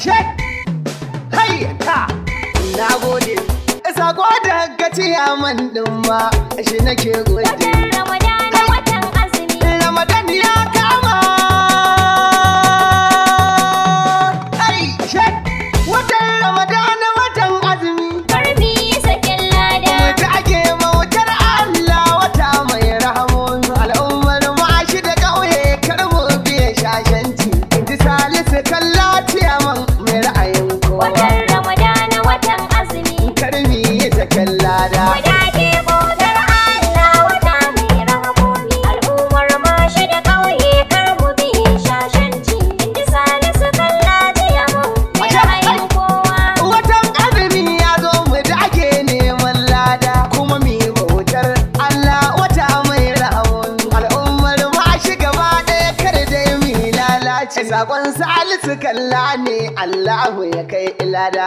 she hayyata na gode sako da gaci ya man ɗin ma shi nake gode Ramadan watan azumi Ramadan ya Sakon salisu kalla ne Allahu ya kai ilada.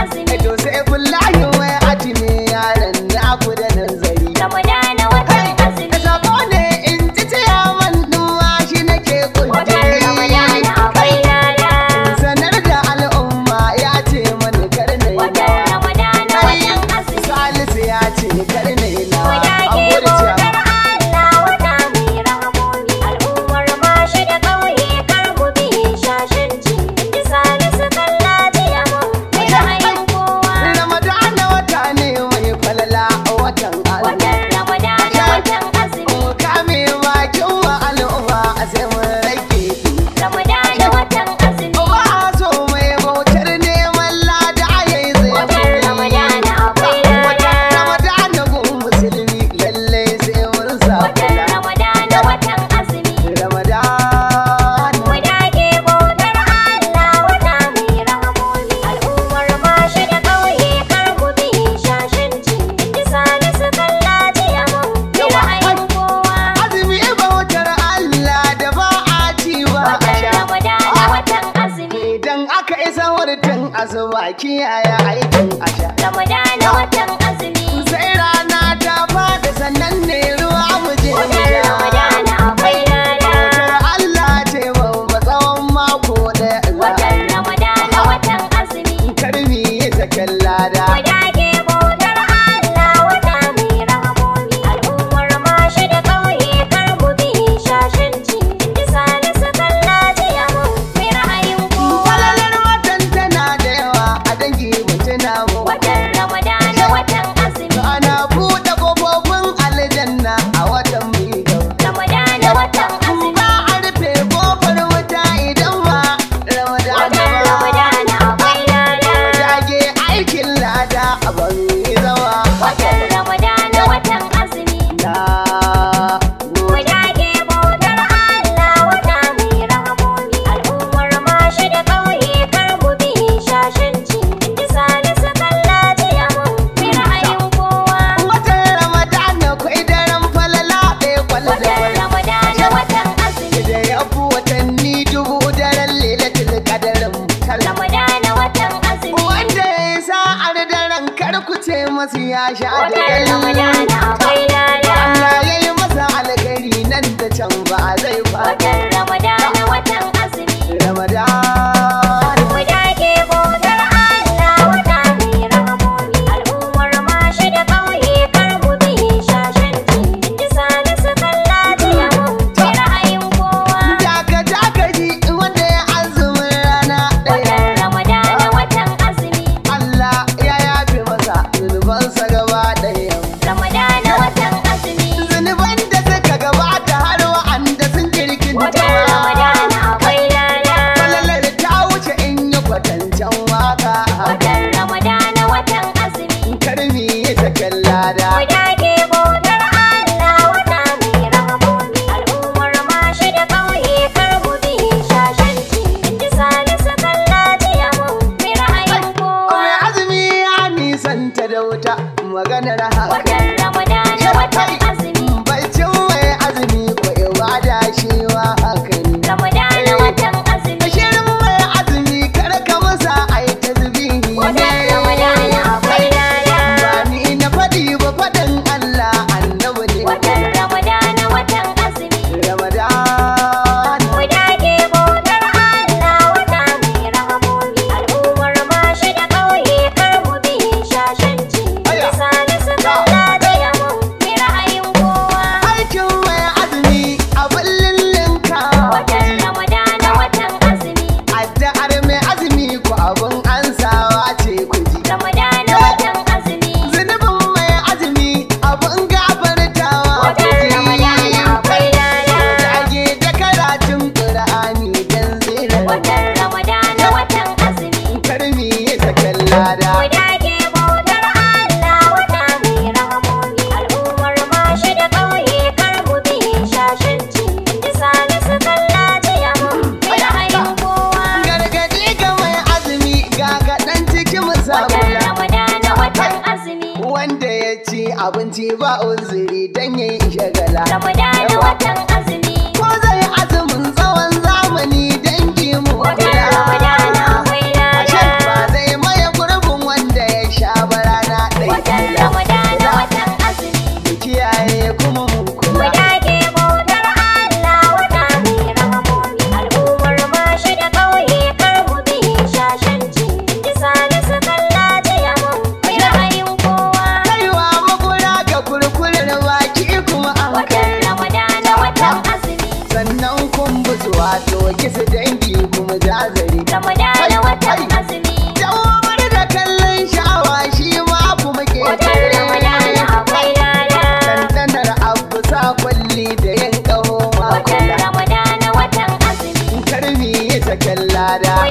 baki a ya aikin asha. Ramadana watan masu ya sha da gari Allah ya yi masa alkari nan da can ba zai fata lada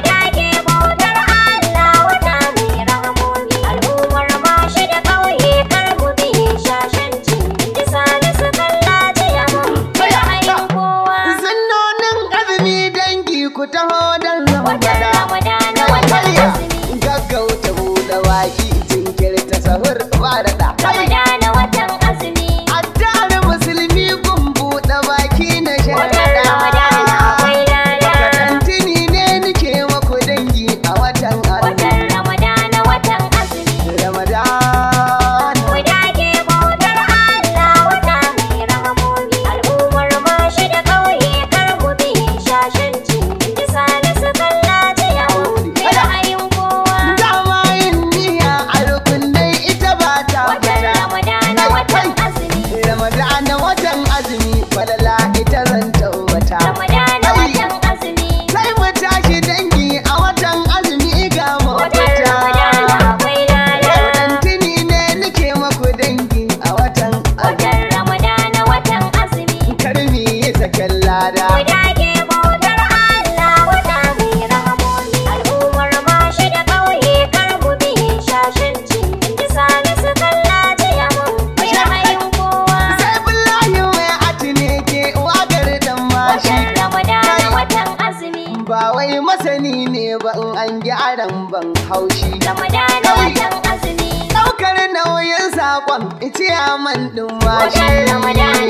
haushi da madana azumi daukar nauyin sakon iciya man din washe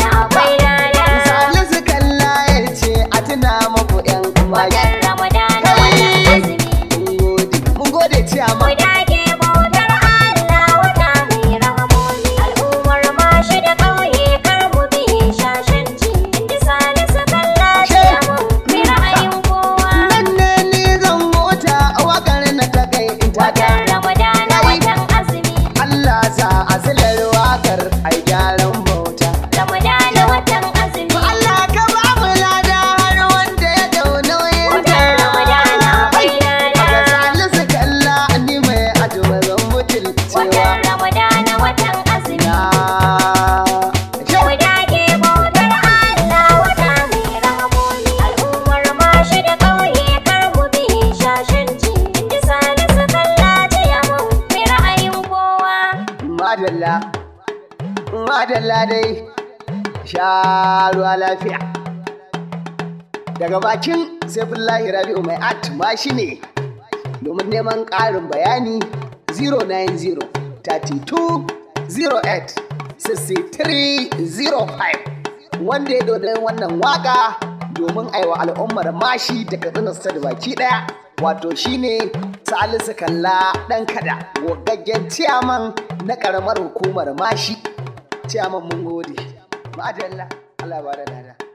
madalla dai sha ruwa lafiya daga bakin saifullahi rabi'u mai at ma shi ne domin neman ƙarin bayani 090 32 08 6305 wanda ya dodon wannan waka domin aiwa al'ummar mashi da katsinarsa da baki ɗaya, wato shine salisu kalla ɗan kada gogaggen ciyaman na ƙaramar hukumar mashi ciyaman mun gode ma'adalla Allah ba da nada